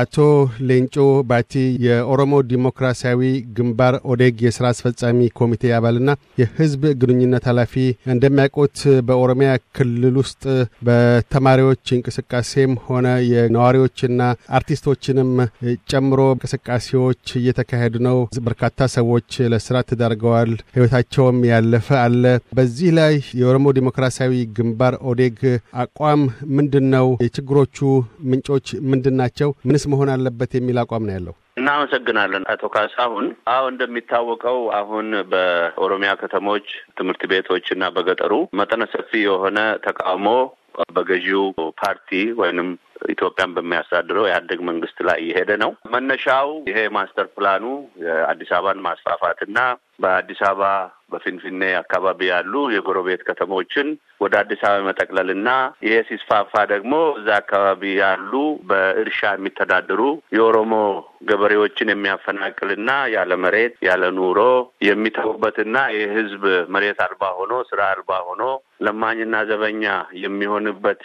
አቶ ሌንጮ ባቲ የኦሮሞ ዲሞክራሲያዊ ግንባር ኦዴግ የስራ አስፈጻሚ ኮሚቴ አባልና የህዝብ ግንኙነት ኃላፊ፣ እንደሚያውቁት በኦሮሚያ ክልል ውስጥ በተማሪዎች እንቅስቃሴም ሆነ የነዋሪዎችና አርቲስቶችንም ጨምሮ እንቅስቃሴዎች እየተካሄዱ ነው። በርካታ ሰዎች ለስራ ተዳርገዋል፣ ህይወታቸውም ያለፈ አለ። በዚህ ላይ የኦሮሞ ዲሞክራሲያዊ ግንባር ኦዴግ አቋም ምንድን ነው? የችግሮቹ ምንጮች ምንድን ናቸው? ምን ምንስ መሆን አለበት የሚል አቋም ነው ያለው። እናመሰግናለን አቶ ካሳሁን። አሁ እንደሚታወቀው አሁን በኦሮሚያ ከተሞች ትምህርት ቤቶች እና በገጠሩ መጠነ ሰፊ የሆነ ተቃውሞ በገዢው ፓርቲ ወይንም ኢትዮጵያን በሚያስተዳድረው የአደግ መንግስት ላይ እየሄደ ነው። መነሻው ይሄ ማስተር ፕላኑ የአዲስ አበባን ማስፋፋትና በአዲስ አበባ በፊንፊኔ አካባቢ ያሉ የጎረቤት ከተሞችን ወደ አዲስ አበባ መጠቅለልና ይሄ ሲስፋፋ ደግሞ እዛ አካባቢ ያሉ በእርሻ የሚተዳደሩ የኦሮሞ ገበሬዎችን የሚያፈናቅልና ያለ መሬት ያለ ኑሮ የሚተዉበትና የህዝብ መሬት አልባ ሆኖ ስራ አልባ ሆኖ ለማኝና ዘበኛ የሚሆንበት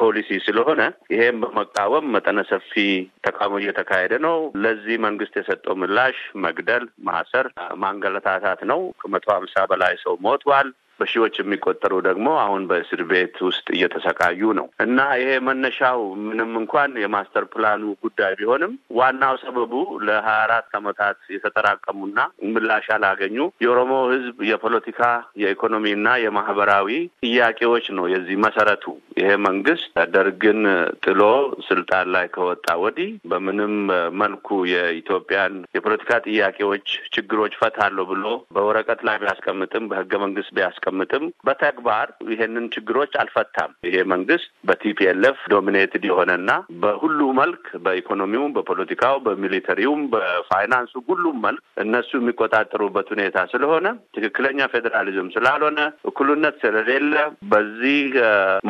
ፖሊሲ ስለሆነ ይሄም በመቃወም መጠነ ሰፊ ተቃውሞ እየተካሄደ ነው። ለዚህ መንግስት የሰጠው ምላሽ መግደል፣ ማሰር፣ ማንገለታ መታታት ነው። ከመቶ ሀምሳ በላይ ሰው ሞቷል። በሺዎች የሚቆጠሩ ደግሞ አሁን በእስር ቤት ውስጥ እየተሰቃዩ ነው እና ይሄ መነሻው ምንም እንኳን የማስተር ፕላኑ ጉዳይ ቢሆንም ዋናው ሰበቡ ለሀያ አራት ዓመታት የተጠራቀሙና ምላሽ አላገኙ የኦሮሞ ህዝብ የፖለቲካ የኢኮኖሚና የማህበራዊ ጥያቄዎች ነው። የዚህ መሰረቱ ይሄ መንግስት ደርግን ጥሎ ስልጣን ላይ ከወጣ ወዲህ በምንም መልኩ የኢትዮጵያን የፖለቲካ ጥያቄዎች ችግሮች ፈታለሁ ብሎ በወረቀት ላይ ቢያስቀምጥም በህገ መንግስት ቢያስቀምጥ ባያስቀምጥም በተግባር ይሄንን ችግሮች አልፈታም። ይሄ መንግስት በቲፒኤልኤፍ ዶሚኔትድ የሆነና በሁሉ መልክ በኢኮኖሚውም፣ በፖለቲካው፣ በሚሊተሪውም፣ በፋይናንሱ ሁሉም መልክ እነሱ የሚቆጣጠሩበት ሁኔታ ስለሆነ ትክክለኛ ፌዴራሊዝም ስላልሆነ እኩልነት ስለሌለ በዚህ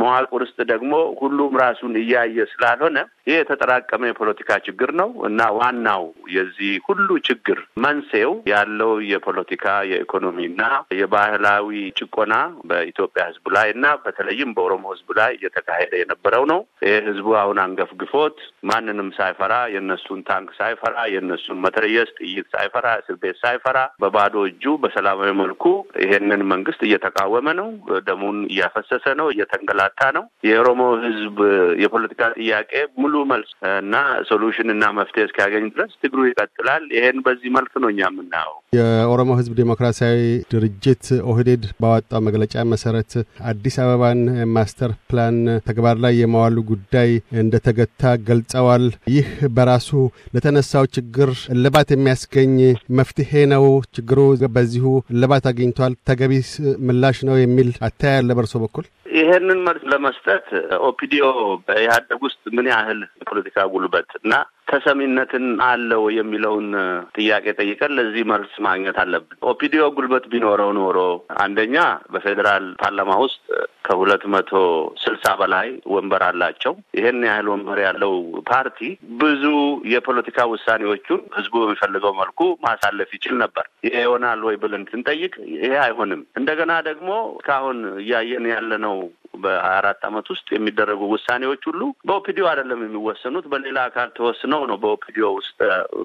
መዋቅር ውስጥ ደግሞ ሁሉም ራሱን እያየ ስላልሆነ ይህ የተጠራቀመ የፖለቲካ ችግር ነው እና ዋናው የዚህ ሁሉ ችግር መንስኤው ያለው የፖለቲካ የኢኮኖሚና የባህላዊ ጭቆና በኢትዮጵያ ህዝቡ ላይ እና በተለይም በኦሮሞ ህዝቡ ላይ እየተካሄደ የነበረው ነው። ይህ አሁን አሁን አንገፍግፎት ማንንም ሳይፈራ የእነሱን ታንክ ሳይፈራ የእነሱን መትረየስ፣ ጥይት ሳይፈራ እስር ቤት ሳይፈራ በባዶ እጁ በሰላማዊ መልኩ ይሄንን መንግስት እየተቃወመ ነው። ደሙን እያፈሰሰ ነው። እየተንገላታ ነው። የኦሮሞ ህዝብ የፖለቲካ ጥያቄ ሙሉ መልስ እና ሶሉሽን እና መፍትሄ እስኪያገኝ ድረስ ትግሩ ይቀጥላል። ይሄን በዚህ መልክ ነው እኛ የምናየው። የኦሮሞ ህዝብ ዴሞክራሲያዊ ድርጅት ኦህዴድ ባወጣው መግለጫ መሰረት አዲስ አበባን ማስተር ፕላን ተግባር ላይ የመዋሉ ጉዳይ እንደተገታ ገልጸዋል። ይህ በራሱ ለተነሳው ችግር እልባት የሚያስገኝ መፍትሄ ነው፣ ችግሩ በዚሁ እልባት አግኝቷል፣ ተገቢ ምላሽ ነው የሚል አታያለ በርሶ በኩል? ይሄንን መልስ ለመስጠት ኦፒዲዮ በኢህአደግ ውስጥ ምን ያህል የፖለቲካ ጉልበት እና ተሰሚነትን አለው የሚለውን ጥያቄ ጠይቀን ለዚህ መልስ ማግኘት አለብን። ኦፒዲዮ ጉልበት ቢኖረው ኖሮ አንደኛ በፌዴራል ፓርላማ ውስጥ ከሁለት መቶ ስልሳ በላይ ወንበር አላቸው። ይሄን ያህል ወንበር ያለው ፓርቲ ብዙ የፖለቲካ ውሳኔዎቹን ህዝቡ በሚፈልገው መልኩ ማሳለፍ ይችል ነበር። ይሄ ይሆናል ወይ ብለን ስንጠይቅ ይሄ አይሆንም። እንደገና ደግሞ እስካሁን እያየን ያለነው በሀያ አራት አመት ውስጥ የሚደረጉ ውሳኔዎች ሁሉ በኦፒዲዮ አይደለም የሚወሰኑት፣ በሌላ አካል ተወስነው ነው በኦፒዲዮ ውስጥ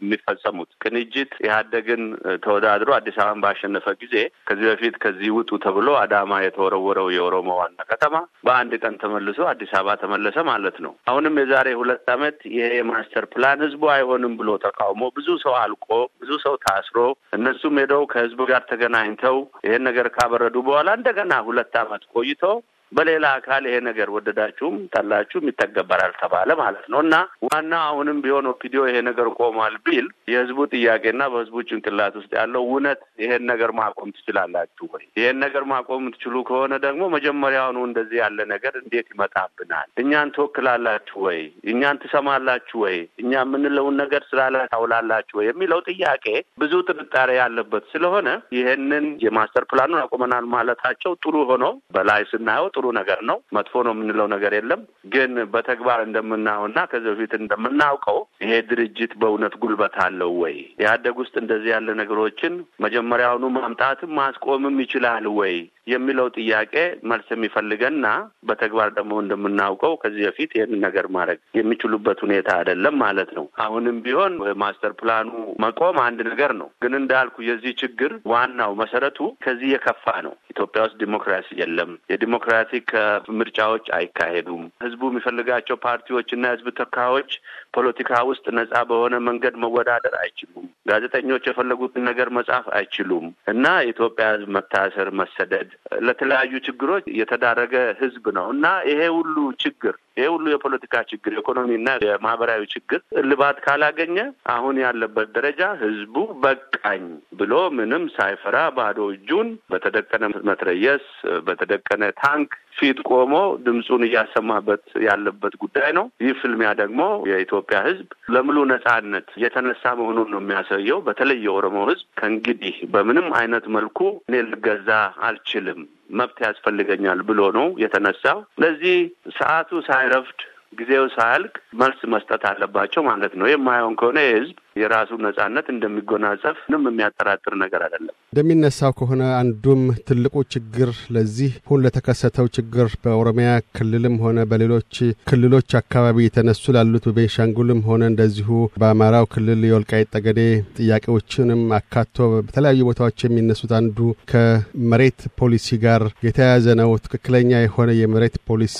የሚፈጸሙት። ቅንጅት ኢህአዴግን ተወዳድሮ አዲስ አበባን ባሸነፈ ጊዜ ከዚህ በፊት ከዚህ ውጡ ተብሎ አዳማ የተወረወረው የኦሮሞ ዋና ከተማ በአንድ ቀን ተመልሶ አዲስ አበባ ተመለሰ ማለት ነው። አሁንም የዛሬ ሁለት አመት ይሄ የማስተር ፕላን ህዝቡ አይሆንም ብሎ ተቃውሞ ብዙ ሰው አልቆ ብዙ ሰው ታስሮ እነሱም ሄደው ከህዝቡ ጋር ተገናኝተው ይሄን ነገር ካበረዱ በኋላ እንደገና ሁለት አመት ቆይተው በሌላ አካል ይሄ ነገር ወደዳችሁም ጠላችሁም ይተገበራል ተባለ ማለት ነው። እና ዋና አሁንም ቢሆን ኦፒዲዮ ይሄ ነገር ቆሟል ቢል የህዝቡ ጥያቄና በህዝቡ ጭንቅላት ውስጥ ያለው እውነት ይሄን ነገር ማቆም ትችላላችሁ ወይ? ይሄን ነገር ማቆም የምትችሉ ከሆነ ደግሞ መጀመሪያውኑ እንደዚህ ያለ ነገር እንዴት ይመጣብናል? እኛን ትወክላላችሁ ወይ? እኛን ትሰማላችሁ ወይ? እኛ የምንለውን ነገር ስራ ላይ ታውላላችሁ ወይ? የሚለው ጥያቄ ብዙ ጥርጣሬ ያለበት ስለሆነ ይሄንን የማስተር ፕላኑን አቁመናል ማለታቸው ጥሩ ሆኖ በላይ ስናየው ጥሩ ነገር ነው፣ መጥፎ ነው የምንለው ነገር የለም። ግን በተግባር እንደምናየውና ከዚህ በፊት እንደምናውቀው ይሄ ድርጅት በእውነት ጉልበት አለው ወይ? የአደግ ውስጥ እንደዚህ ያለ ነገሮችን መጀመሪያውኑ ማምጣትም ማስቆምም ይችላል ወይ የሚለው ጥያቄ መልስ የሚፈልገና በተግባር ደግሞ እንደምናውቀው ከዚህ በፊት ይህን ነገር ማድረግ የሚችሉበት ሁኔታ አይደለም ማለት ነው። አሁንም ቢሆን ማስተር ፕላኑ መቆም አንድ ነገር ነው። ግን እንዳልኩ የዚህ ችግር ዋናው መሰረቱ ከዚህ የከፋ ነው። ኢትዮጵያ ውስጥ ዲሞክራሲ የለም። የዲሞክራሲ ዲሞክራቲክ ምርጫዎች አይካሄዱም። ህዝቡ የሚፈልጋቸው ፓርቲዎችና ህዝብ ተካዎች ፖለቲካ ውስጥ ነጻ በሆነ መንገድ መወዳደር አይችሉም። ጋዜጠኞች የፈለጉትን ነገር መጻፍ አይችሉም እና የኢትዮጵያ ህዝብ መታሰር፣ መሰደድ፣ ለተለያዩ ችግሮች የተዳረገ ህዝብ ነው እና ይሄ ሁሉ ችግር ይሄ ሁሉ የፖለቲካ ችግር የኢኮኖሚና የማህበራዊ ችግር እልባት ካላገኘ አሁን ያለበት ደረጃ ህዝቡ በቃኝ ብሎ ምንም ሳይፈራ ባዶ እጁን በተደቀነ መትረየስ፣ በተደቀነ ታንክ፣ ፊት ቆሞ ድምፁን እያሰማበት ያለበት ጉዳይ ነው። ይህ ፍልሚያ ደግሞ የኢትዮጵያ ሕዝብ ለሙሉ ነጻነት የተነሳ መሆኑን ነው የሚያሳየው። በተለይ የኦሮሞ ሕዝብ ከእንግዲህ በምንም አይነት መልኩ እኔ ልገዛ አልችልም፣ መብት ያስፈልገኛል ብሎ ነው የተነሳው። ስለዚህ ሰዓቱ ሳይረፍድ ጊዜው ሳያልቅ መልስ መስጠት አለባቸው ማለት ነው። የማየውን ከሆነ የህዝብ የራሱ ነጻነት እንደሚጎናጸፍ ምንም የሚያጠራጥር ነገር አይደለም። እንደሚነሳው ከሆነ አንዱም ትልቁ ችግር ለዚህ ሁን ለተከሰተው ችግር በኦሮሚያ ክልልም ሆነ በሌሎች ክልሎች አካባቢ የተነሱ ላሉት በቤንሻንጉልም ሆነ እንደዚሁ በአማራው ክልል የወልቃይት ጠገዴ ጥያቄዎችንም አካቶ በተለያዩ ቦታዎች የሚነሱት አንዱ ከመሬት ፖሊሲ ጋር የተያያዘ ነው። ትክክለኛ የሆነ የመሬት ፖሊሲ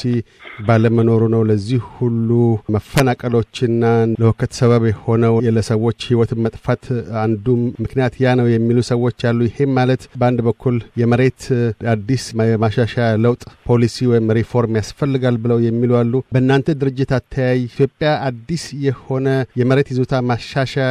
ባለመኖሩ ነው ለዚህ ሁሉ መፈናቀሎችና ለሁከት ሰበብ የሆነው የለሰው የሰዎች ህይወት መጥፋት አንዱም ምክንያት ያ ነው የሚሉ ሰዎች አሉ። ይሄም ማለት በአንድ በኩል የመሬት አዲስ ማሻሻያ ለውጥ ፖሊሲ ወይም ሪፎርም ያስፈልጋል ብለው የሚሉ አሉ። በእናንተ ድርጅት አተያይ ኢትዮጵያ አዲስ የሆነ የመሬት ይዞታ ማሻሻያ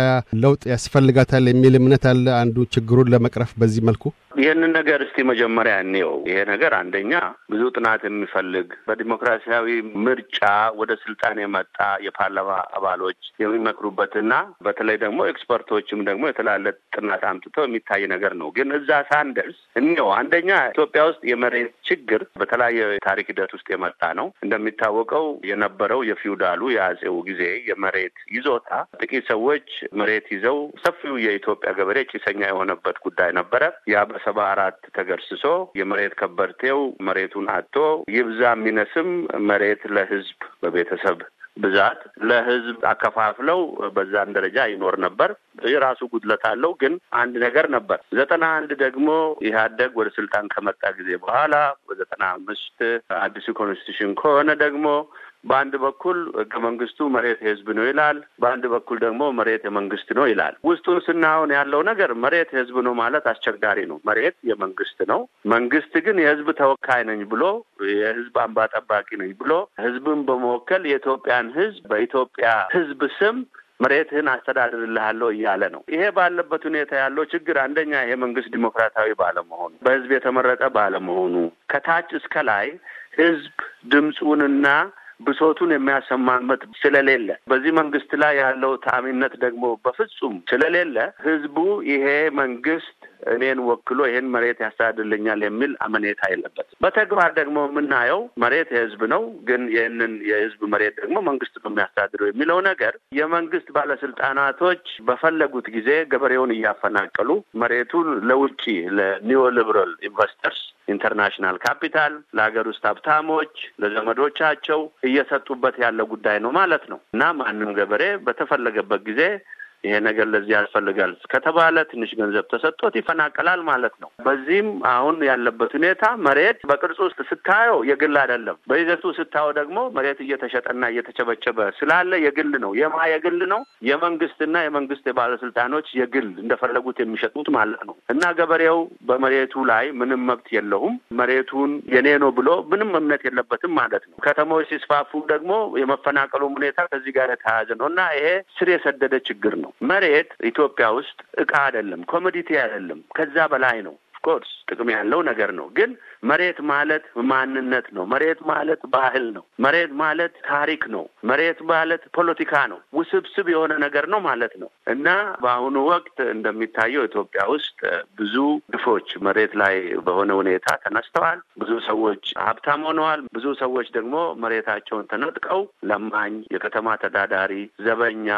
ለውጥ ያስፈልጋታል የሚል እምነት አለ። አንዱ ችግሩን ለመቅረፍ በዚህ መልኩ ይህንን ነገር እስቲ መጀመሪያ እንየው። ይሄ ነገር አንደኛ ብዙ ጥናት የሚፈልግ በዲሞክራሲያዊ ምርጫ ወደ ስልጣን የመጣ የፓርላማ አባሎች የሚመክሩበትና በተለይ ደግሞ ኤክስፐርቶችም ደግሞ የተላለቅ ጥናት አምጥተው የሚታይ ነገር ነው። ግን እዛ ሳንደርስ እንየው። አንደኛ ኢትዮጵያ ውስጥ የመሬት ችግር በተለያየ ታሪክ ሂደት ውስጥ የመጣ ነው። እንደሚታወቀው የነበረው የፊውዳሉ የአጼው ጊዜ የመሬት ይዞታ ጥቂት ሰዎች መሬት ይዘው ሰፊው የኢትዮጵያ ገበሬ ጭሰኛ የሆነበት ጉዳይ ነበረ። ያ ሰባ አራት ተገርስሶ የመሬት ከበርቴው መሬቱን አጥቶ ይብዛ የሚነስም መሬት ለህዝብ በቤተሰብ ብዛት ለህዝብ አከፋፍለው በዛን ደረጃ ይኖር ነበር። የራሱ ጉድለት አለው፣ ግን አንድ ነገር ነበር። ዘጠና አንድ ደግሞ ኢህአደግ ወደ ስልጣን ከመጣ ጊዜ በኋላ በዘጠና አምስት አዲሱ ኮንስቲቱሽን ከሆነ ደግሞ በአንድ በኩል ህገ መንግስቱ መሬት የህዝብ ነው ይላል፣ በአንድ በኩል ደግሞ መሬት የመንግስት ነው ይላል። ውስጡን ስናሆን ያለው ነገር መሬት የህዝብ ነው ማለት አስቸጋሪ ነው። መሬት የመንግስት ነው። መንግስት ግን የህዝብ ተወካይ ነኝ ብሎ የህዝብ አምባ ጠባቂ ነኝ ብሎ ህዝብን በመወከል የኢትዮጵያን ህዝብ በኢትዮጵያ ህዝብ ስም መሬትህን አስተዳድርልሃለሁ እያለ ነው። ይሄ ባለበት ሁኔታ ያለው ችግር አንደኛ ይሄ መንግስት ዲሞክራሲያዊ ባለመሆኑ፣ በህዝብ የተመረጠ ባለመሆኑ ከታች እስከ ላይ ህዝብ ድምፁንና ብሶቱን የሚያሰማበት ስለሌለ በዚህ መንግስት ላይ ያለው ተአሚነት ደግሞ በፍጹም ስለሌለ ህዝቡ ይሄ መንግስት እኔን ወክሎ ይህን መሬት ያስተዳድርልኛል የሚል አመኔታ የለበት። በተግባር ደግሞ የምናየው መሬት የህዝብ ነው፣ ግን ይህንን የህዝብ መሬት ደግሞ መንግስት ነው የሚያስተዳድረው የሚለው ነገር የመንግስት ባለስልጣናቶች በፈለጉት ጊዜ ገበሬውን እያፈናቀሉ መሬቱን ለውጭ ለኒዮ ሊበራል ኢንቨስተርስ ኢንተርናሽናል ካፒታል ለሀገር ውስጥ ሀብታሞች ለዘመዶቻቸው እየሰጡበት ያለ ጉዳይ ነው ማለት ነው እና ማንም ገበሬ በተፈለገበት ጊዜ ይሄ ነገር ለዚህ ያስፈልጋል ከተባለ ትንሽ ገንዘብ ተሰጥቶት ይፈናቀላል ማለት ነው። በዚህም አሁን ያለበት ሁኔታ መሬት በቅርጹ ውስጥ ስታየው የግል አይደለም፣ በይዘቱ ስታየው ደግሞ መሬት እየተሸጠና እየተቸበቸበ ስላለ የግል ነው። የማ የግል ነው? የመንግስትና የመንግስት የባለስልጣኖች የግል እንደፈለጉት የሚሸጡት ማለት ነው። እና ገበሬው በመሬቱ ላይ ምንም መብት የለውም። መሬቱን የኔ ነው ብሎ ምንም እምነት የለበትም ማለት ነው። ከተሞች ሲስፋፉ ደግሞ የመፈናቀሉም ሁኔታ ከዚህ ጋር የተያያዘ ነው እና ይሄ ስር የሰደደ ችግር ነው። መሬት ኢትዮጵያ ውስጥ እቃ አይደለም፣ ኮሞዲቲ አይደለም፣ ከዛ በላይ ነው። ኦፍኮርስ ጥቅም ያለው ነገር ነው። ግን መሬት ማለት ማንነት ነው። መሬት ማለት ባህል ነው። መሬት ማለት ታሪክ ነው። መሬት ማለት ፖለቲካ ነው። ውስብስብ የሆነ ነገር ነው ማለት ነው እና በአሁኑ ወቅት እንደሚታየው ኢትዮጵያ ውስጥ ብዙ ግፎች መሬት ላይ በሆነ ሁኔታ ተነስተዋል። ብዙ ሰዎች ሀብታም ሆነዋል። ብዙ ሰዎች ደግሞ መሬታቸውን ተነጥቀው ለማኝ፣ የከተማ ተዳዳሪ፣ ዘበኛ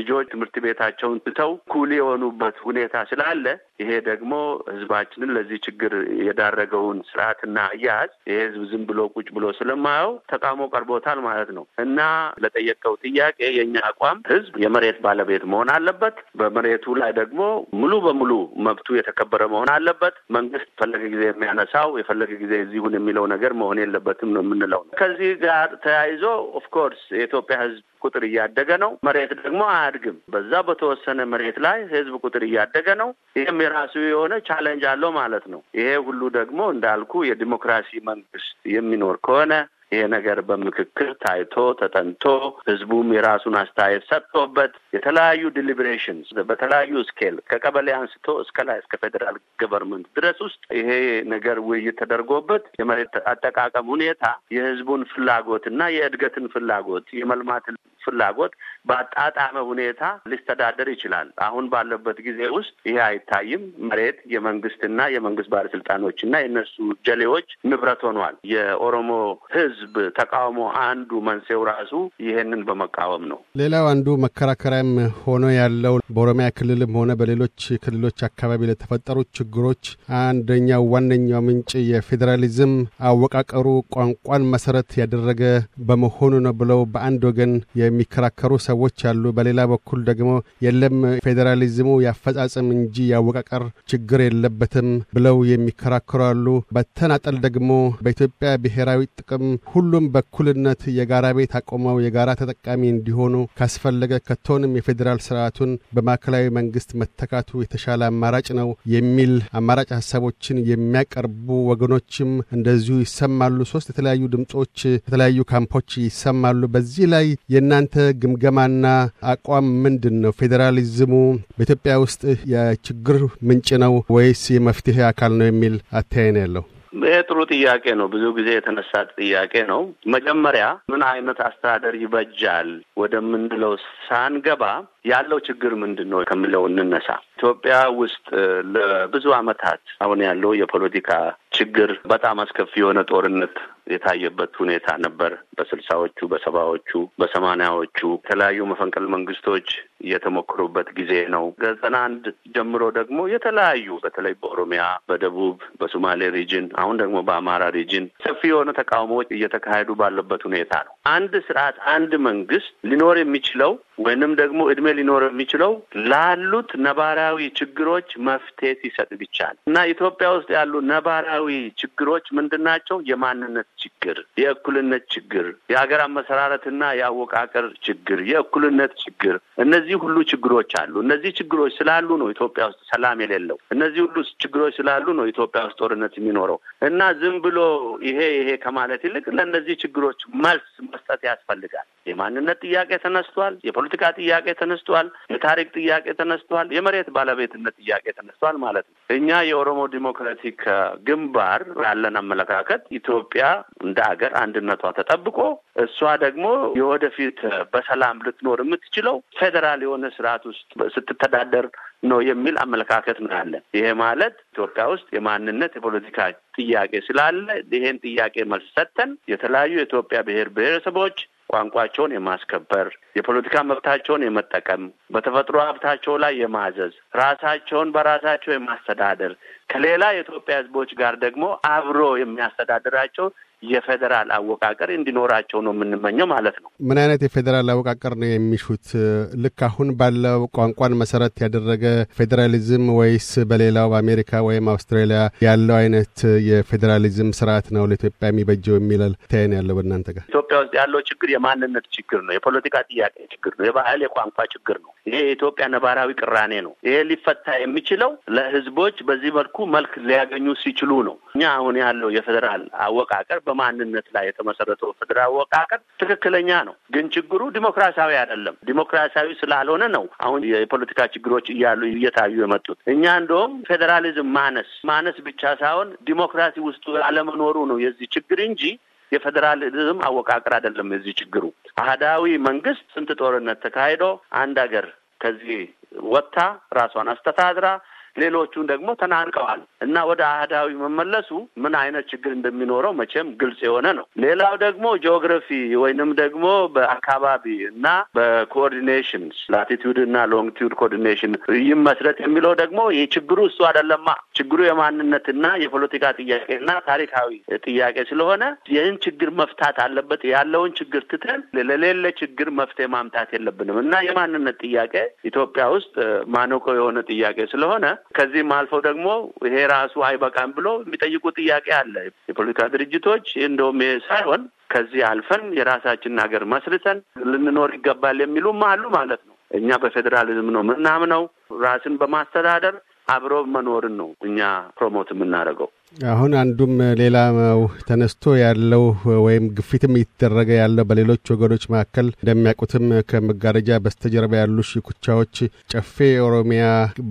ልጆች ትምህርት ቤታቸውን ትተው ኩል የሆኑበት ሁኔታ ስላለ ይሄ ደግሞ ህዝባችንን ለዚህ ችግር የዳረገውን ስርዓትና አያያዝ ይሄ ህዝብ ዝም ብሎ ቁጭ ብሎ ስለማየው ተቃውሞ ቀርቦታል ማለት ነው እና ለጠየቀው ጥያቄ የእኛ አቋም ህዝብ የመሬት ባለቤት መሆን አለበት። በመሬቱ ላይ ደግሞ ሙሉ በሙሉ መብቱ የተከበረ መሆን አለበት። መንግስት የፈለገ ጊዜ የሚያነሳው የፈለገ ጊዜ እዚሁን የሚለው ነገር መሆን የለበትም ነው የምንለው። ከዚህ ጋር ተያይዞ ኦፍኮርስ የኢትዮጵያ ህዝብ ቁጥር እያደገ ነው። መሬት ደግሞ አያድግም። በዛ በተወሰነ መሬት ላይ ህዝብ ቁጥር እያደገ ነው። ይህም የራሱ የሆነ ቻለንጅ አለው ማለት ነው። ይሄ ሁሉ ደግሞ እንዳልኩ የዲሞክራሲ መንግስት የሚኖር ከሆነ ይሄ ነገር በምክክር ታይቶ ተጠንቶ ህዝቡም የራሱን አስተያየት ሰጥቶበት የተለያዩ ዲሊብሬሽንስ በተለያዩ ስኬል ከቀበሌ አንስቶ እስከ ላይ እስከ ፌዴራል ገቨርንመንት ድረስ ውስጥ ይሄ ነገር ውይይት ተደርጎበት የመሬት አጠቃቀም ሁኔታ የህዝቡን ፍላጎት እና የእድገትን ፍላጎት የመልማትን ፍላጎት በአጣጣመ ሁኔታ ሊስተዳደር ይችላል። አሁን ባለበት ጊዜ ውስጥ ይሄ አይታይም። መሬት የመንግስትና የመንግስት ባለስልጣኖችና የእነሱ ጀሌዎች ንብረት ሆኗል። የኦሮሞ ህዝብ ተቃውሞ አንዱ መንስኤው ራሱ ይሄንን በመቃወም ነው። ሌላው አንዱ መከራከሪያም ሆኖ ያለው በኦሮሚያ ክልልም ሆነ በሌሎች ክልሎች አካባቢ ለተፈጠሩ ችግሮች አንደኛው ዋነኛው ምንጭ የፌዴራሊዝም አወቃቀሩ ቋንቋን መሰረት ያደረገ በመሆኑ ነው ብለው በአንድ ወገን የሚከራከሩ ሰ ሰዎች አሉ። በሌላ በኩል ደግሞ የለም ፌዴራሊዝሙ ያፈጻጽም እንጂ ያወቃቀር ችግር የለበትም ብለው የሚከራከሩ አሉ። በተናጠል ደግሞ በኢትዮጵያ ብሔራዊ ጥቅም ሁሉም በኩልነት የጋራ ቤት አቆመው የጋራ ተጠቃሚ እንዲሆኑ ካስፈለገ ከቶንም የፌዴራል ስርዓቱን በማዕከላዊ መንግስት መተካቱ የተሻለ አማራጭ ነው የሚል አማራጭ ሀሳቦችን የሚያቀርቡ ወገኖችም እንደዚሁ ይሰማሉ። ሶስት የተለያዩ ድምጾች ከተለያዩ ካምፖች ይሰማሉ። በዚህ ላይ የእናንተ ግምገማ ዓላማና አቋም ምንድን ነው? ፌዴራሊዝሙ በኢትዮጵያ ውስጥ የችግር ምንጭ ነው ወይስ የመፍትሄ አካል ነው የሚል አተያይን ያለው? ይሄ ጥሩ ጥያቄ ነው። ብዙ ጊዜ የተነሳ ጥያቄ ነው። መጀመሪያ ምን አይነት አስተዳደር ይበጃል ወደምንለው ሳንገባ ያለው ችግር ምንድን ነው ከምለው እንነሳ። ኢትዮጵያ ውስጥ ለብዙ ዓመታት አሁን ያለው የፖለቲካ ችግር በጣም አስከፊ የሆነ ጦርነት የታየበት ሁኔታ ነበር። በስልሳዎቹ፣ በሰባዎቹ፣ በሰማንያዎቹ የተለያዩ መፈንቅል መንግስቶች የተሞከሩበት ጊዜ ነው። ከዘጠና አንድ ጀምሮ ደግሞ የተለያዩ በተለይ በኦሮሚያ፣ በደቡብ፣ በሶማሌ ሪጅን አሁን ደግሞ በአማራ ሪጅን ሰፊ የሆነ ተቃውሞዎች እየተካሄዱ ባለበት ሁኔታ ነው። አንድ ስርዓት፣ አንድ መንግስት ሊኖር የሚችለው ወይንም ደግሞ እድሜ ሊኖር የሚችለው ላሉት ነባራዊ ችግሮች መፍትሄ ሲሰጥ ብቻ ነው እና ኢትዮጵያ ውስጥ ያሉ ነባራዊ ችግሮች ምንድን ናቸው? የማንነት ችግር፣ የእኩልነት ችግር፣ የሀገር አመሰራረትና የአወቃቀር ችግር፣ የእኩልነት ችግር፣ እነዚህ ሁሉ ችግሮች አሉ። እነዚህ ችግሮች ስላሉ ነው ኢትዮጵያ ውስጥ ሰላም የሌለው። እነዚህ ሁሉ ችግሮች ስላሉ ነው ኢትዮጵያ ውስጥ ጦርነት የሚኖረው እና ዝም ብሎ ይሄ ይሄ ከማለት ይልቅ ለእነዚህ ችግሮች መልስ መስጠት ያስፈልጋል። የማንነት ጥያቄ ተነስቷል። የፖለቲካ ጥያቄ ተነስቷል፣ የታሪክ ጥያቄ ተነስቷል፣ የመሬት ባለቤትነት ጥያቄ ተነስቷል ማለት ነው። እኛ የኦሮሞ ዲሞክራቲክ ግንባር ያለን አመለካከት ኢትዮጵያ እንደ ሀገር አንድነቷ ተጠብቆ እሷ ደግሞ የወደፊት በሰላም ልትኖር የምትችለው ፌዴራል የሆነ ስርዓት ውስጥ ስትተዳደር ነው የሚል አመለካከት ነው ያለን። ይሄ ማለት ኢትዮጵያ ውስጥ የማንነት የፖለቲካ ጥያቄ ስላለ ይሄን ጥያቄ መልስ ሰጥተን የተለያዩ የኢትዮጵያ ብሔር ብሔረሰቦች ቋንቋቸውን የማስከበር የፖለቲካ መብታቸውን የመጠቀም በተፈጥሮ ሀብታቸው ላይ የማዘዝ ራሳቸውን በራሳቸው የማስተዳደር ከሌላ የኢትዮጵያ ሕዝቦች ጋር ደግሞ አብሮ የሚያስተዳድራቸው የፌዴራል አወቃቀር እንዲኖራቸው ነው የምንመኘው ማለት ነው። ምን አይነት የፌዴራል አወቃቀር ነው የሚሹት? ልክ አሁን ባለው ቋንቋን መሰረት ያደረገ ፌዴራሊዝም ወይስ በሌላው በአሜሪካ ወይም አውስትራሊያ ያለው አይነት የፌዴራሊዝም ስርዓት ነው ለኢትዮጵያ የሚበጀው የሚለል ታይን ያለው በእናንተ ጋር? ኢትዮጵያ ውስጥ ያለው ችግር የማንነት ችግር ነው፣ የፖለቲካ ጥያቄ ችግር ነው፣ የባህል የቋንቋ ችግር ነው። ይሄ የኢትዮጵያ ነባራዊ ቅራኔ ነው። ይሄ ሊፈታ የሚችለው ለህዝቦች በዚህ መልኩ መልክ ሊያገኙ ሲችሉ ነው። እኛ አሁን ያለው የፌዴራል አወቃቀር በማንነት ላይ የተመሰረተው ፌዴራል አወቃቀር ትክክለኛ ነው፣ ግን ችግሩ ዲሞክራሲያዊ አይደለም። ዲሞክራሲያዊ ስላልሆነ ነው አሁን የፖለቲካ ችግሮች እያሉ እየታዩ የመጡት። እኛ እንደውም ፌዴራሊዝም ማነስ ማነስ ብቻ ሳይሆን ዲሞክራሲ ውስጡ አለመኖሩ ነው የዚህ ችግር እንጂ የፌዴራሊዝም አወቃቀር አይደለም የዚህ ችግሩ። አህዳዊ መንግስት ስንት ጦርነት ተካሂዶ አንድ ሀገር ከዚህ ወጥታ ራሷን አስተዳድራ ሌሎቹን ደግሞ ተናንቀዋል እና ወደ አህዳዊ መመለሱ ምን አይነት ችግር እንደሚኖረው መቼም ግልጽ የሆነ ነው። ሌላው ደግሞ ጂኦግራፊ ወይንም ደግሞ በአካባቢ እና በኮኦርዲኔሽን ላቲቱድ እና ሎንግቱድ ኮኦርዲኔሽን ይመስረት የሚለው ደግሞ ችግሩ እሱ አይደለማ። ችግሩ የማንነትና የፖለቲካ ጥያቄና ታሪካዊ ጥያቄ ስለሆነ ይህን ችግር መፍታት አለበት። ያለውን ችግር ትተን ለሌለ ችግር መፍትሄ ማምጣት የለብንም እና የማንነት ጥያቄ ኢትዮጵያ ውስጥ ማነቆ የሆነ ጥያቄ ስለሆነ ከዚህም አልፈው ደግሞ ይሄ ራሱ አይበቃም ብሎ የሚጠይቁ ጥያቄ አለ። የፖለቲካ ድርጅቶች እንደውም ይሄ ሳይሆን ከዚህ አልፈን የራሳችንን ሀገር መስርተን ልንኖር ይገባል የሚሉም አሉ ማለት ነው። እኛ በፌዴራሊዝም ነው ምናምነው፣ ራስን በማስተዳደር አብሮ መኖርን ነው እኛ ፕሮሞት የምናደርገው። አሁን አንዱም ሌላ ተነስቶ ያለው ወይም ግፊትም እየተደረገ ያለው በሌሎች ወገኖች መካከል እንደሚያውቁትም ከመጋረጃ በስተጀርባ ያሉ ሽኩቻዎች ጨፌ ኦሮሚያ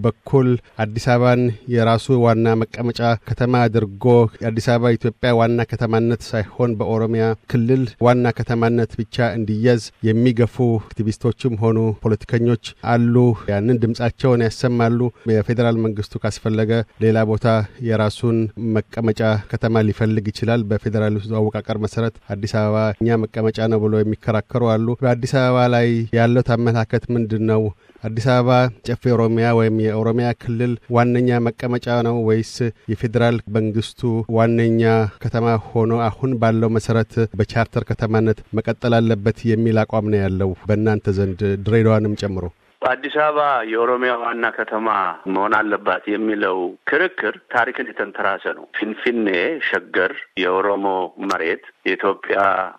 በኩል አዲስ አበባን የራሱ ዋና መቀመጫ ከተማ አድርጎ አዲስ አበባ ኢትዮጵያ ዋና ከተማነት ሳይሆን በኦሮሚያ ክልል ዋና ከተማነት ብቻ እንዲያዝ የሚገፉ አክቲቪስቶችም ሆኑ ፖለቲከኞች አሉ። ያንን ድምጻቸውን ያሰማሉ። የፌዴራል መንግስቱ ካስፈለገ ሌላ ቦታ የራሱን መቀመጫ ከተማ ሊፈልግ ይችላል። በፌዴራል አወቃቀር መሰረት አዲስ አበባ እኛ መቀመጫ ነው ብለው የሚከራከሩ አሉ። በአዲስ አበባ ላይ ያለው አመለካከት ምንድን ነው? አዲስ አበባ ጨፌ ኦሮሚያ ወይም የኦሮሚያ ክልል ዋነኛ መቀመጫ ነው ወይስ የፌዴራል መንግስቱ ዋነኛ ከተማ ሆኖ አሁን ባለው መሰረት በቻርተር ከተማነት መቀጠል አለበት የሚል አቋም ነው ያለው በእናንተ ዘንድ ድሬዳዋንም ጨምሮ? በአዲስ አበባ የኦሮሚያ ዋና ከተማ መሆን አለባት የሚለው ክርክር ታሪክን የተንተራሰ ነው። ፊንፊኔ ሸገር የኦሮሞ መሬት የኢትዮጵያ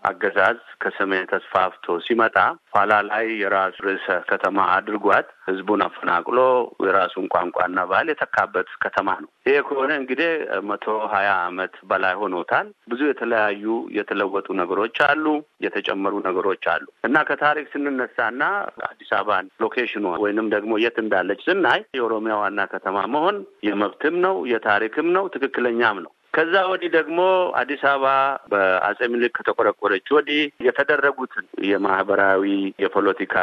አገዛዝ ከሰሜን ተስፋፍቶ ሲመጣ ኋላ ላይ የራሱ ርዕሰ ከተማ አድርጓት ህዝቡን አፈናቅሎ የራሱን ቋንቋና ባህል የተካበት ከተማ ነው። ይሄ ከሆነ እንግዲህ መቶ ሀያ አመት በላይ ሆኖታል። ብዙ የተለያዩ የተለወጡ ነገሮች አሉ፣ የተጨመሩ ነገሮች አሉ እና ከታሪክ ስንነሳና አዲስ አበባን ሎኬሽኗ ወይንም ደግሞ የት እንዳለች ስናይ የኦሮሚያ ዋና ከተማ መሆን የመብትም ነው የታሪክም ነው ትክክለኛም ነው። ከዛ ወዲህ ደግሞ አዲስ አበባ በአጼ ምኒልክ ከተቆረቆረች ወዲህ የተደረጉትን የማህበራዊ፣ የፖለቲካ፣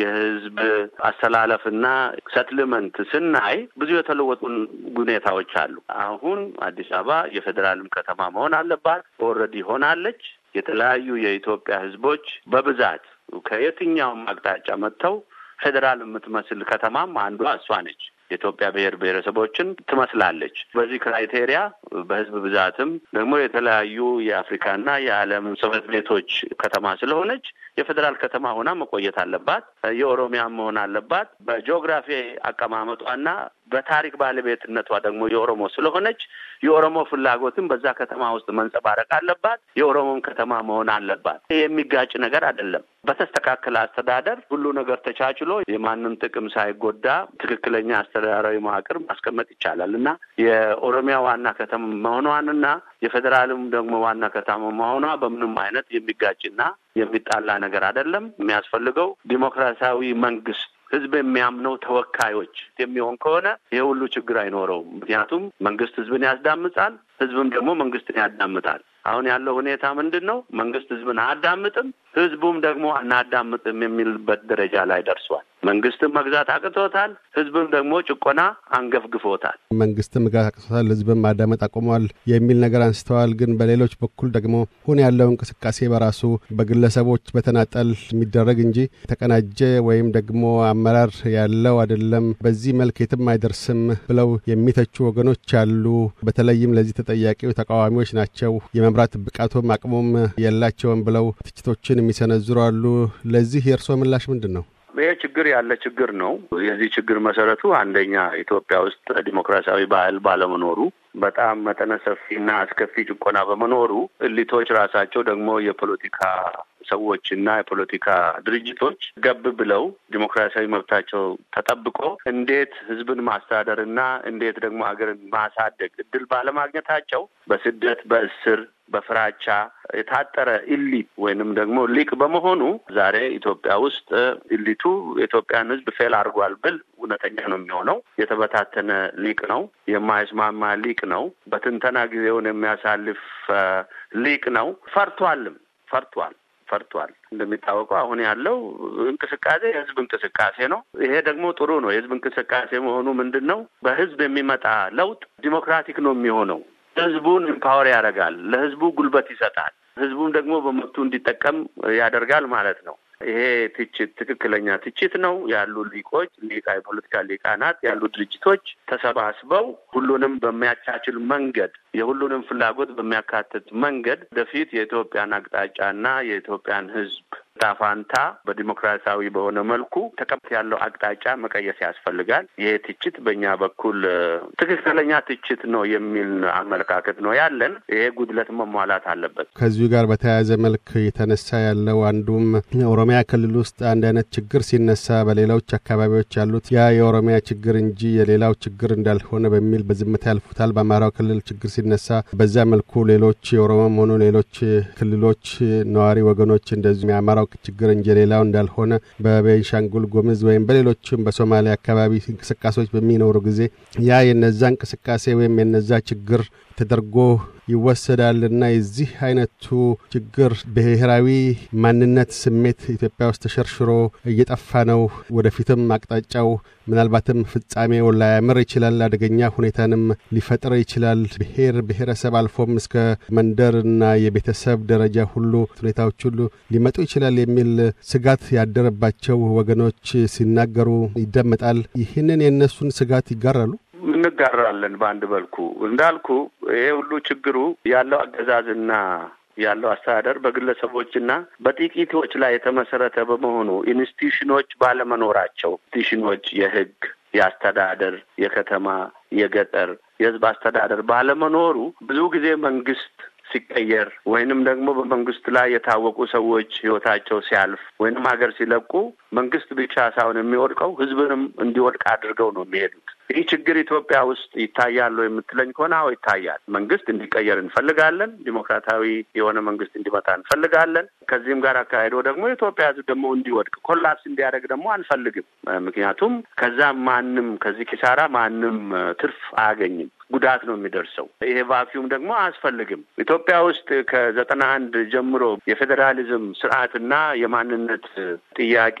የህዝብ አሰላለፍና ሰትልመንት ስናይ ብዙ የተለወጡን ሁኔታዎች አሉ። አሁን አዲስ አበባ የፌዴራልም ከተማ መሆን አለባት። ኦልሬዲ ሆናለች። የተለያዩ የኢትዮጵያ ህዝቦች በብዛት ከየትኛውም አቅጣጫ መጥተው ፌዴራል የምትመስል ከተማም አንዷ እሷ ነች። የኢትዮጵያ ብሔር ብሔረሰቦችን ትመስላለች። በዚህ ክራይቴሪያ በህዝብ ብዛትም ደግሞ የተለያዩ የአፍሪካና የዓለም ጽሕፈት ቤቶች ከተማ ስለሆነች የፌዴራል ከተማ ሆና መቆየት አለባት። የኦሮሚያም መሆን አለባት። በጂኦግራፊ አቀማመጧና በታሪክ ባለቤትነቷ ደግሞ የኦሮሞ ስለሆነች የኦሮሞ ፍላጎትም በዛ ከተማ ውስጥ መንጸባረቅ አለባት። የኦሮሞም ከተማ መሆን አለባት። የሚጋጭ ነገር አይደለም። በተስተካከለ አስተዳደር ሁሉ ነገር ተቻችሎ የማንም ጥቅም ሳይጎዳ ትክክለኛ አስተዳደራዊ መዋቅር ማስቀመጥ ይቻላል እና የኦሮሚያ ዋና ከተማ መሆኗንና የፌዴራልም ደግሞ ዋና ከተማ መሆኗ በምንም አይነት የሚጋጭና የሚጣላ ነገር አይደለም። የሚያስፈልገው ዲሞክራሲያዊ መንግስት ህዝብ የሚያምነው ተወካዮች የሚሆን ከሆነ ይህ ሁሉ ችግር አይኖረውም። ምክንያቱም መንግስት ህዝብን ያስዳምጻል፣ ህዝብም ደግሞ መንግስትን ያዳምጣል። አሁን ያለው ሁኔታ ምንድን ነው? መንግስት ህዝብን አያዳምጥም፣ ህዝቡም ደግሞ አናዳምጥም የሚልበት ደረጃ ላይ ደርሷል። መንግስትም መግዛት አቅቶታል፣ ህዝብም ደግሞ ጭቆና አንገፍግፎታል። መንግስትም መግዛት አቅቶታል፣ ህዝብም ማዳመጥ አቁሟል የሚል ነገር አንስተዋል። ግን በሌሎች በኩል ደግሞ ሁን ያለው እንቅስቃሴ በራሱ በግለሰቦች በተናጠል የሚደረግ እንጂ የተቀናጀ ወይም ደግሞ አመራር ያለው አይደለም፣ በዚህ መልክ የትም አይደርስም ብለው የሚተቹ ወገኖች አሉ። በተለይም ለዚህ ተጠያቂው ተቃዋሚዎች ናቸው፣ የመምራት ብቃቱም አቅሙም የላቸውም ብለው ትችቶችን የሚሰነዝሩ አሉ። ለዚህ የእርስዎ ምላሽ ምንድን ነው? ይሄ ችግር ያለ ችግር ነው። የዚህ ችግር መሰረቱ አንደኛ ኢትዮጵያ ውስጥ ዲሞክራሲያዊ ባህል ባለመኖሩ በጣም መጠነ ሰፊና አስከፊ ጭቆና በመኖሩ እሊቶች ራሳቸው ደግሞ የፖለቲካ ሰዎች እና የፖለቲካ ድርጅቶች ገብ ብለው ዲሞክራሲያዊ መብታቸው ተጠብቆ እንዴት ህዝብን ማስተዳደር እና እንዴት ደግሞ ሀገርን ማሳደግ እድል ባለማግኘታቸው በስደት፣ በእስር በፍራቻ የታጠረ ኢሊት ወይንም ደግሞ ሊቅ በመሆኑ ዛሬ ኢትዮጵያ ውስጥ ኢሊቱ የኢትዮጵያን ሕዝብ ፌል አድርጓል ብል እውነተኛ ነው የሚሆነው። የተበታተነ ሊቅ ነው፣ የማይስማማ ሊቅ ነው፣ በትንተና ጊዜውን የሚያሳልፍ ሊቅ ነው። ፈርቷልም፣ ፈርቷል ፈርቷል። እንደሚታወቀው አሁን ያለው እንቅስቃሴ የህዝብ እንቅስቃሴ ነው። ይሄ ደግሞ ጥሩ ነው። የህዝብ እንቅስቃሴ መሆኑ ምንድን ነው? በህዝብ የሚመጣ ለውጥ ዲሞክራቲክ ነው የሚሆነው ህዝቡን ኢምፓወር ያደርጋል፣ ለህዝቡ ጉልበት ይሰጣል፣ ህዝቡም ደግሞ በመብቱ እንዲጠቀም ያደርጋል ማለት ነው። ይሄ ትችት ትክክለኛ ትችት ነው። ያሉ ሊቆች ሊቃ የፖለቲካ ሊቃናት ያሉ ድርጅቶች ተሰባስበው ሁሉንም በሚያቻችል መንገድ የሁሉንም ፍላጎት በሚያካትት መንገድ ወደፊት የኢትዮጵያን አቅጣጫና የኢትዮጵያን ህዝብ ጣፋንታ በዲሞክራሲያዊ በሆነ መልኩ ተቀምት ያለው አቅጣጫ መቀየስ ያስፈልጋል። ይሄ ትችት በእኛ በኩል ትክክለኛ ትችት ነው የሚል አመለካከት ነው ያለን። ይሄ ጉድለት መሟላት አለበት። ከዚሁ ጋር በተያያዘ መልክ የተነሳ ያለው አንዱም ኦሮሚያ ክልል ውስጥ አንድ አይነት ችግር ሲነሳ በሌሎች አካባቢዎች ያሉት ያ የኦሮሚያ ችግር እንጂ የሌላው ችግር እንዳልሆነ በሚል በዝምታ ያልፉታል። በአማራው ክልል ችግር ሲነሳ በዛ መልኩ ሌሎች የኦሮሞም ሆኑ ሌሎች ክልሎች ነዋሪ ወገኖች እንደዚሁ የአማራው ችግር እንጂ ሌላው እንዳልሆነ በቤንሻንጉል ጉምዝ ወይም በሌሎችም በሶማሌ አካባቢ እንቅስቃሴዎች በሚኖሩ ጊዜ ያ የነዛ እንቅስቃሴ ወይም የነዛ ችግር ተደርጎ ይወሰዳልና የዚህ አይነቱ ችግር ብሔራዊ ማንነት ስሜት ኢትዮጵያ ውስጥ ተሸርሽሮ እየጠፋ ነው። ወደፊትም አቅጣጫው ምናልባትም ፍጻሜው ላያምር ይችላል። አደገኛ ሁኔታንም ሊፈጥር ይችላል። ብሔር ብሔረሰብ አልፎም እስከ መንደር እና የቤተሰብ ደረጃ ሁሉ ሁኔታዎች ሁሉ ሊመጡ ይችላል የሚል ስጋት ያደረባቸው ወገኖች ሲናገሩ ይደመጣል። ይህንን የእነሱን ስጋት ይጋራሉ። እንጋራለን። በአንድ በልኩ እንዳልኩ ይሄ ሁሉ ችግሩ ያለው አገዛዝና ያለው አስተዳደር በግለሰቦችና በጥቂቶች ላይ የተመሰረተ በመሆኑ ኢንስቲቱሽኖች ባለመኖራቸው ኢንስቲቱሽኖች የህግ፣ የአስተዳደር፣ የከተማ፣ የገጠር፣ የህዝብ አስተዳደር ባለመኖሩ ብዙ ጊዜ መንግስት ሲቀየር ወይንም ደግሞ በመንግስት ላይ የታወቁ ሰዎች ህይወታቸው ሲያልፍ ወይንም ሀገር ሲለቁ መንግስት ብቻ ሳይሆን የሚወድቀው ህዝብንም እንዲወድቅ አድርገው ነው የሚሄዱት። ይህ ችግር ኢትዮጵያ ውስጥ ይታያል የምትለኝ ከሆነ አዎ ይታያል። መንግስት እንዲቀየር እንፈልጋለን። ዲሞክራታዊ የሆነ መንግስት እንዲመጣ እንፈልጋለን። ከዚህም ጋር አካሄዶ ደግሞ ኢትዮጵያ ህዝብ ደግሞ እንዲወድቅ ኮላፕስ እንዲያደርግ ደግሞ አንፈልግም። ምክንያቱም ከዛ ማንም ከዚህ ኪሳራ ማንም ትርፍ አያገኝም፣ ጉዳት ነው የሚደርሰው። ይሄ ቫኪዩም ደግሞ አያስፈልግም። ኢትዮጵያ ውስጥ ከዘጠና አንድ ጀምሮ የፌዴራሊዝም ስርዓትና የማንነት ጥያቄ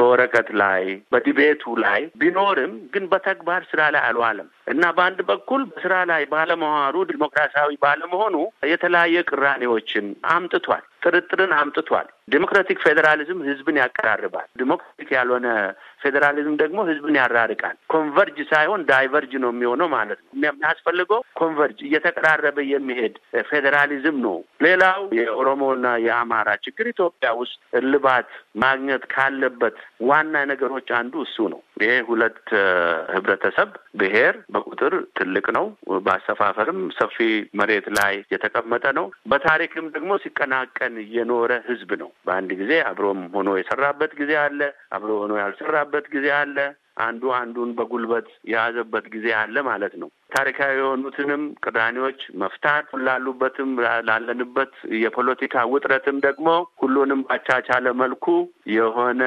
በወረቀት ላይ በዲቤቱ ላይ ቢኖርም ግን በተግባ ተግባር ስራ ላይ አልዋለም እና በአንድ በኩል ስራ ላይ ባለመዋሩ ዲሞክራሲያዊ ባለመሆኑ የተለያየ ቅራኔዎችን አምጥቷል። ጥርጥርን አምጥቷል። ዲሞክራቲክ ፌዴራሊዝም ህዝብን ያቀራርባል። ዲሞክራቲክ ያልሆነ ፌዴራሊዝም ደግሞ ህዝብን ያራርቃል። ኮንቨርጅ ሳይሆን ዳይቨርጅ ነው የሚሆነው ማለት ነው። የሚያስፈልገው ኮንቨርጅ እየተቀራረበ የሚሄድ ፌዴራሊዝም ነው። ሌላው የኦሮሞና የአማራ ችግር ኢትዮጵያ ውስጥ እልባት ማግኘት ካለበት ዋና ነገሮች አንዱ እሱ ነው። ይሄ ሁለት ህብረተሰብ ብሔር በቁጥር ትልቅ ነው፣ በአሰፋፈርም ሰፊ መሬት ላይ የተቀመጠ ነው። በታሪክም ደግሞ ሲቀናቀን ሲታገል የኖረ ህዝብ ነው። በአንድ ጊዜ አብሮም ሆኖ የሰራበት ጊዜ አለ። አብሮ ሆኖ ያልሰራበት ጊዜ አለ። አንዱ አንዱን በጉልበት የያዘበት ጊዜ አለ ማለት ነው። ታሪካዊ የሆኑትንም ቅራኔዎች መፍታት ላሉበትም ላለንበት የፖለቲካ ውጥረትም ደግሞ ሁሉንም ባቻቻለ መልኩ የሆነ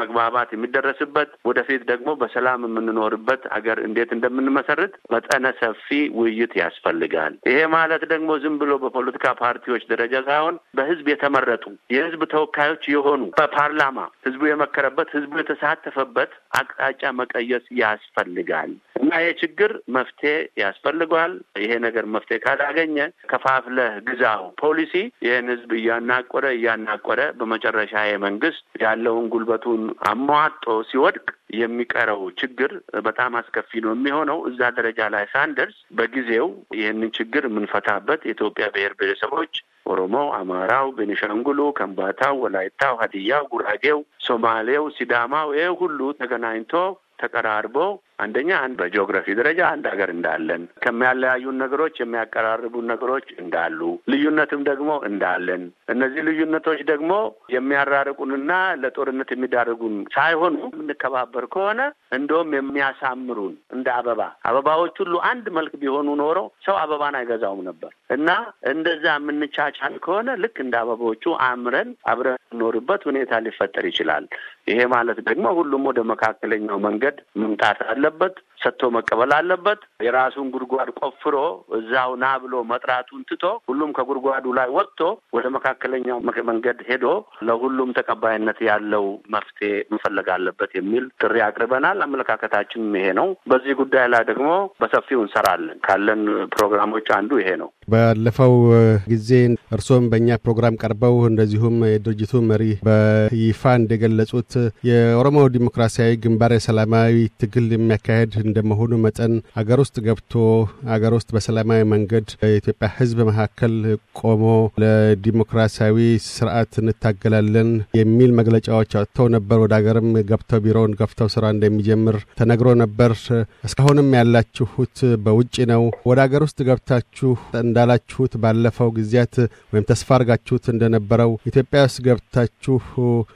መግባባት የሚደረስበት ወደፊት ደግሞ በሰላም የምንኖርበት ሀገር እንዴት እንደምንመሰርት መጠነ ሰፊ ውይይት ያስፈልጋል። ይሄ ማለት ደግሞ ዝም ብሎ በፖለቲካ ፓርቲዎች ደረጃ ሳይሆን በህዝብ የተመረጡ የህዝብ ተወካዮች የሆኑ በፓርላማ ህዝቡ የመከረበት ህዝቡ የተሳተፈበት አቅጣጫ መቀየስ ያስፈልጋል። እና ይሄ ችግር መፍትሄ ያስፈልገዋል። ይሄ ነገር መፍትሄ ካላገኘ ከፋፍለህ ግዛው ፖሊሲ ይህን ህዝብ እያናቆረ እያናቆረ በመጨረሻ የመንግስት ያለውን ጉልበቱን አሟጦ ሲወድቅ የሚቀረው ችግር በጣም አስከፊ ነው የሚሆነው። እዛ ደረጃ ላይ ሳንደርስ በጊዜው ይህንን ችግር የምንፈታበት የኢትዮጵያ ብሔር ብሔረሰቦች ኦሮሞ፣ አማራው፣ ቤኒሻንጉሉ፣ ከምባታው፣ ወላይታው፣ ሀዲያው፣ ጉራጌው፣ ሶማሌው፣ ሲዳማው ይህ ሁሉ ተገናኝቶ ተቀራርቦ አንደኛ አንድ በጂኦግራፊ ደረጃ አንድ ሀገር እንዳለን ከሚያለያዩን ነገሮች የሚያቀራርቡን ነገሮች እንዳሉ፣ ልዩነትም ደግሞ እንዳለን እነዚህ ልዩነቶች ደግሞ የሚያራርቁንና ለጦርነት የሚዳርጉን ሳይሆኑ የምንከባበር ከሆነ እንደውም የሚያሳምሩን እንደ አበባ አበባዎች ሁሉ አንድ መልክ ቢሆኑ ኖሮ ሰው አበባን አይገዛውም ነበር እና እንደዛ የምንቻቻል ከሆነ ልክ እንደ አበቦቹ አምረን አብረን ኖርበት ሁኔታ ሊፈጠር ይችላል። ይሄ ማለት ደግሞ ሁሉም ወደ መካከለኛው መንገድ መምጣት አለ አለበት ሰጥቶ መቀበል አለበት። የራሱን ጉድጓድ ቆፍሮ እዛው ና ብሎ መጥራቱን ትቶ ሁሉም ከጉድጓዱ ላይ ወጥቶ ወደ መካከለኛው መንገድ ሄዶ ለሁሉም ተቀባይነት ያለው መፍትሄ መፈለግ አለበት የሚል ጥሪ አቅርበናል። አመለካከታችንም ይሄ ነው። በዚህ ጉዳይ ላይ ደግሞ በሰፊው እንሰራለን። ካለን ፕሮግራሞች አንዱ ይሄ ነው። ባለፈው ጊዜ እርሶም በእኛ ፕሮግራም ቀርበው እንደዚሁም የድርጅቱ መሪ በይፋ እንደገለጹት የኦሮሞ ዲሞክራሲያዊ ግንባር የሰላማዊ ትግል የሚያካሄድ እንደመሆኑ መጠን አገር ውስጥ ገብቶ አገር ውስጥ በሰላማዊ መንገድ የኢትዮጵያ ሕዝብ መካከል ቆሞ ለዲሞክራሲያዊ ስርዓት እንታገላለን የሚል መግለጫዎች አውጥተው ነበር። ወደ አገርም ገብተው ቢሮውን ገፍተው ስራ እንደሚጀምር ተነግሮ ነበር። እስካሁንም ያላችሁት በውጭ ነው። ወደ አገር ውስጥ ገብታችሁ እንዳላችሁት ባለፈው ጊዜያት ወይም ተስፋ አድርጋችሁት እንደነበረው ኢትዮጵያ ውስጥ ገብታችሁ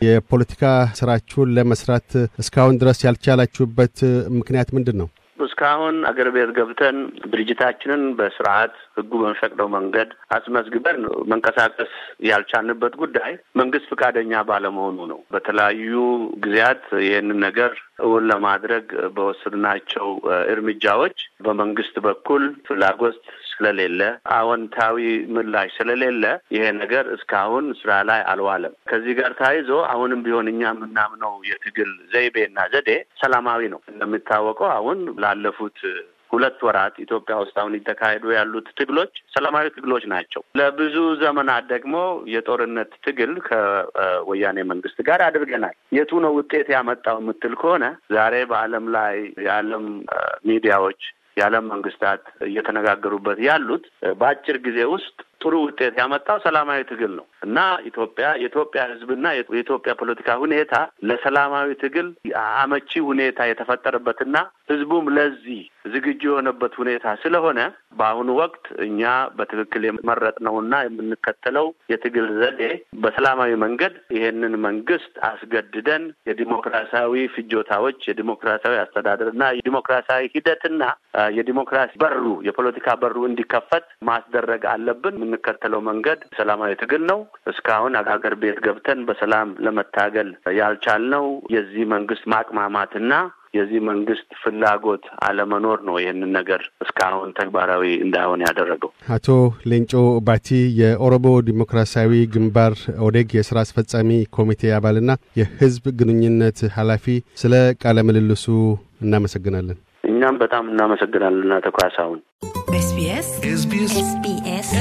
የፖለቲካ ስራችሁን ለመስራት እስካሁን ድረስ ያልቻላችሁበት ምክንያት ምንድን ነው? the እስካሁን አገር ቤት ገብተን ድርጅታችንን በስርዓት ህጉ በሚፈቅደው መንገድ አስመዝግበን መንቀሳቀስ ያልቻልንበት ጉዳይ መንግስት ፈቃደኛ ባለመሆኑ ነው። በተለያዩ ጊዜያት ይህንን ነገር እውን ለማድረግ በወሰድናቸው እርምጃዎች በመንግስት በኩል ፍላጎት ስለሌለ አዎንታዊ ምላሽ ስለሌለ ይሄ ነገር እስካሁን ስራ ላይ አልዋለም። ከዚህ ጋር ተያይዞ አሁንም ቢሆን እኛ የምናምነው የትግል ዘይቤና ዘዴ ሰላማዊ ነው። እንደሚታወቀው አሁን ላለ ባለፉት ሁለት ወራት ኢትዮጵያ ውስጥ አሁን ይተካሄዱ ያሉት ትግሎች ሰላማዊ ትግሎች ናቸው። ለብዙ ዘመናት ደግሞ የጦርነት ትግል ከወያኔ መንግስት ጋር አድርገናል። የቱ ነው ውጤት ያመጣው የምትል ከሆነ ዛሬ በዓለም ላይ የዓለም ሚዲያዎች የዓለም መንግስታት እየተነጋገሩበት ያሉት በአጭር ጊዜ ውስጥ ጥሩ ውጤት ያመጣው ሰላማዊ ትግል ነው እና ኢትዮጵያ የኢትዮጵያ ሕዝብና የኢትዮጵያ ፖለቲካ ሁኔታ ለሰላማዊ ትግል አመቺ ሁኔታ የተፈጠረበትና ሕዝቡም ለዚህ ዝግጁ የሆነበት ሁኔታ ስለሆነ በአሁኑ ወቅት እኛ በትክክል የመረጥነውና የምንከተለው የትግል ዘዴ በሰላማዊ መንገድ ይሄንን መንግስት አስገድደን የዲሞክራሲያዊ ፍጆታዎች የዲሞክራሲያዊ አስተዳደርና የዲሞክራሲያዊ ሂደትና የዲሞክራሲ በሩ የፖለቲካ በሩ እንዲከፈት ማስደረግ አለብን። የምንከተለው መንገድ ሰላማዊ ትግል ነው። እስካሁን ሀገር ቤት ገብተን በሰላም ለመታገል ያልቻልነው የዚህ መንግስት ማቅማማትና የዚህ መንግስት ፍላጎት አለመኖር ነው ይህንን ነገር እስካሁን ተግባራዊ እንዳይሆን ያደረገው። አቶ ሌንጮ ባቲ የኦሮሞ ዲሞክራሲያዊ ግንባር ኦዴግ የስራ አስፈጻሚ ኮሚቴ አባልና የህዝብ ግንኙነት ኃላፊ፣ ስለ ቃለ ምልልሱ እናመሰግናለን። እኛም በጣም እናመሰግናለን አቶ ካሳሁን። ኤስቢኤስ ኤስቢኤስ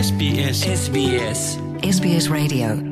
ኤስቢኤስ ኤስቢኤስ ኤስቢኤስ ሬዲዮ